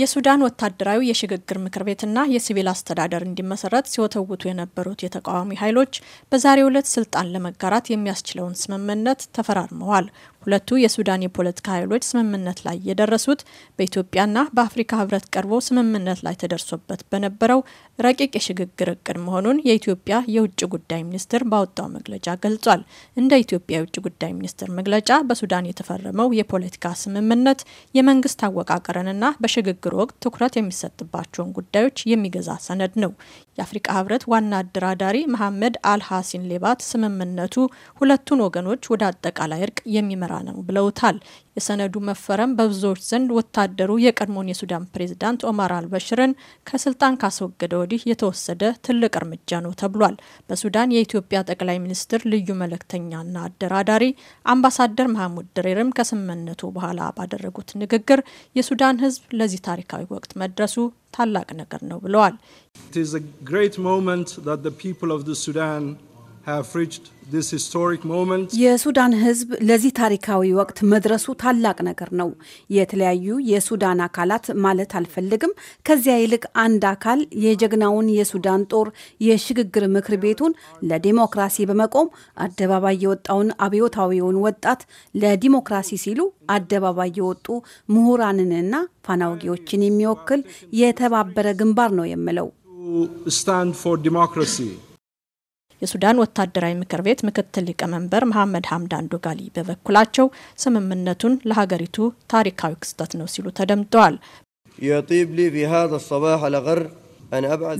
የሱዳን ወታደራዊ የሽግግር ምክር ቤትና የሲቪል አስተዳደር እንዲመሰረት ሲወተውቱ የነበሩት የተቃዋሚ ኃይሎች በዛሬው ዕለት ስልጣን ለመጋራት የሚያስችለውን ስምምነት ተፈራርመዋል። ሁለቱ የሱዳን የፖለቲካ ኃይሎች ስምምነት ላይ የደረሱት በኢትዮጵያና በአፍሪካ ህብረት ቀርቦ ስምምነት ላይ ተደርሶበት በነበረው ረቂቅ የሽግግር እቅድ መሆኑን የኢትዮጵያ የውጭ ጉዳይ ሚኒስትር ባወጣው መግለጫ ገልጿል። እንደ ኢትዮጵያ የውጭ ጉዳይ ሚኒስትር መግለጫ በሱዳን የተፈረመው የፖለቲካ ስምምነት የመንግስት አወቃቀርንና በሽግግር ወቅት ትኩረት የሚሰጥባቸውን ጉዳዮች የሚገዛ ሰነድ ነው። የአፍሪካ ህብረት ዋና አደራዳሪ መሐመድ አልሐሲን ሌባት ስምምነቱ ሁለቱን ወገኖች ወደ አጠቃላይ እርቅ የሚመራ ነው ብለውታል። የሰነዱ መፈረም በብዙዎች ዘንድ ወታደሩ የቀድሞውን የሱዳን ፕሬዝዳንት ኦማር አልበሽርን ከስልጣን ካስወገደ ወዲህ የተወሰደ ትልቅ እርምጃ ነው ተብሏል። በሱዳን የኢትዮጵያ ጠቅላይ ሚኒስትር ልዩ መልእክተኛና አደራዳሪ አምባሳደር መሐሙድ ድሬርም ከስምምነቱ በኋላ ባደረጉት ንግግር የሱዳን ሕዝብ ለዚህ ታሪካዊ ወቅት መድረሱ ታላቅ ነገር ነው ብለዋል። የሱዳን ሕዝብ ለዚህ ታሪካዊ ወቅት መድረሱ ታላቅ ነገር ነው። የተለያዩ የሱዳን አካላት ማለት አልፈልግም። ከዚያ ይልቅ አንድ አካል የጀግናውን የሱዳን ጦር የሽግግር ምክር ቤቱን ለዲሞክራሲ በመቆም አደባባይ የወጣውን አብዮታዊውን ወጣት ለዲሞክራሲ ሲሉ አደባባይ የወጡ ምሁራንንና ፋናወጊዎችን የሚወክል የተባበረ ግንባር ነው የምለው። ስታንድ ፎር ዲሞክራሲ የሱዳን ወታደራዊ ምክር ቤት ምክትል ሊቀመንበር መሐመድ ሀምዳን ዶጋሊ በበኩላቸው ስምምነቱን ለሀገሪቱ ታሪካዊ ክስተት ነው ሲሉ ተደምጠዋል።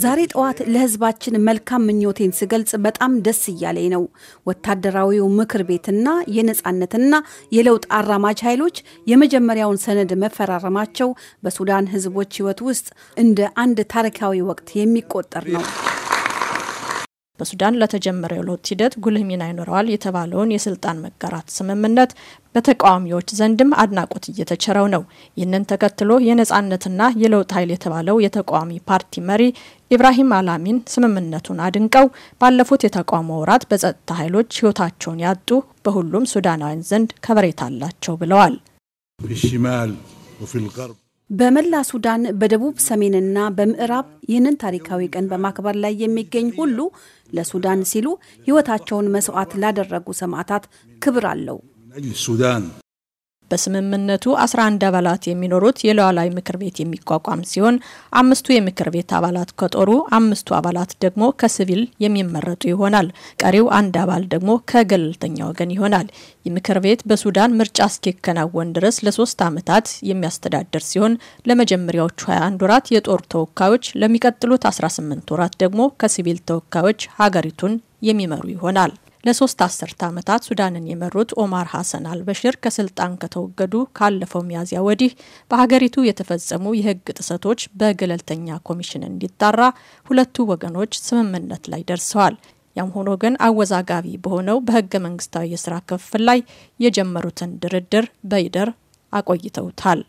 ዛሬ ጠዋት ለህዝባችን መልካም ምኞቴን ስገልጽ በጣም ደስ እያለኝ ነው። ወታደራዊው ምክር ቤትና የነጻነትና የለውጥ አራማጅ ኃይሎች የመጀመሪያውን ሰነድ መፈራረማቸው በሱዳን ህዝቦች ህይወት ውስጥ እንደ አንድ ታሪካዊ ወቅት የሚቆጠር ነው። በሱዳን ለተጀመረው የለውጥ ሂደት ጉልህ ሚና ይኖረዋል የተባለውን የስልጣን መጋራት ስምምነት በተቃዋሚዎች ዘንድም አድናቆት እየተቸረው ነው። ይህንን ተከትሎ የነፃነትና የለውጥ ኃይል የተባለው የተቃዋሚ ፓርቲ መሪ ኢብራሂም አላሚን ስምምነቱን አድንቀው ባለፉት የተቃውሞ ወራት በጸጥታ ኃይሎች ሕይወታቸውን ያጡ በሁሉም ሱዳናውያን ዘንድ ከበሬታ አላቸው ብለዋል። በመላ ሱዳን በደቡብ ሰሜንና በምዕራብ ይህንን ታሪካዊ ቀን በማክበር ላይ የሚገኝ ሁሉ ለሱዳን ሲሉ ሕይወታቸውን መስዋዕት ላደረጉ ሰማዕታት ክብር አለው። በስምምነቱ 11 አባላት የሚኖሩት የሉዓላዊ ምክር ቤት የሚቋቋም ሲሆን አምስቱ የምክር ቤት አባላት ከጦሩ፣ አምስቱ አባላት ደግሞ ከሲቪል የሚመረጡ ይሆናል። ቀሪው አንድ አባል ደግሞ ከገለልተኛ ወገን ይሆናል። የምክር ቤት በሱዳን ምርጫ እስኪከናወን ድረስ ለሶስት ዓመታት የሚያስተዳድር ሲሆን ለመጀመሪያዎቹ 21 ወራት የጦር ተወካዮች፣ ለሚቀጥሉት 18 ወራት ደግሞ ከሲቪል ተወካዮች ሀገሪቱን የሚመሩ ይሆናል። ለሶስት አስርተ ዓመታት ሱዳንን የመሩት ኦማር ሐሰን አልበሽር ከስልጣን ከተወገዱ ካለፈው ሚያዝያ ወዲህ በሀገሪቱ የተፈጸሙ የሕግ ጥሰቶች በገለልተኛ ኮሚሽን እንዲጣራ ሁለቱ ወገኖች ስምምነት ላይ ደርሰዋል። ያም ሆኖ ግን አወዛጋቢ በሆነው በሕገ መንግስታዊ የስራ ክፍፍል ላይ የጀመሩትን ድርድር በይደር አቆይተውታል።